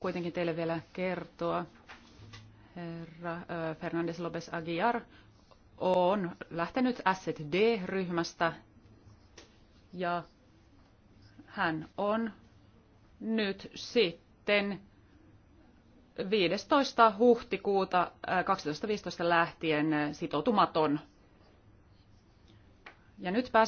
kuitenkin teille vielä kertoa. Herra Fernandes Lopes Aguiar on lähtenyt Asset D-ryhmästä ja hän on nyt sitten 15. huhtikuuta 2015 lähtien sitoutumaton. Ja nyt pääsee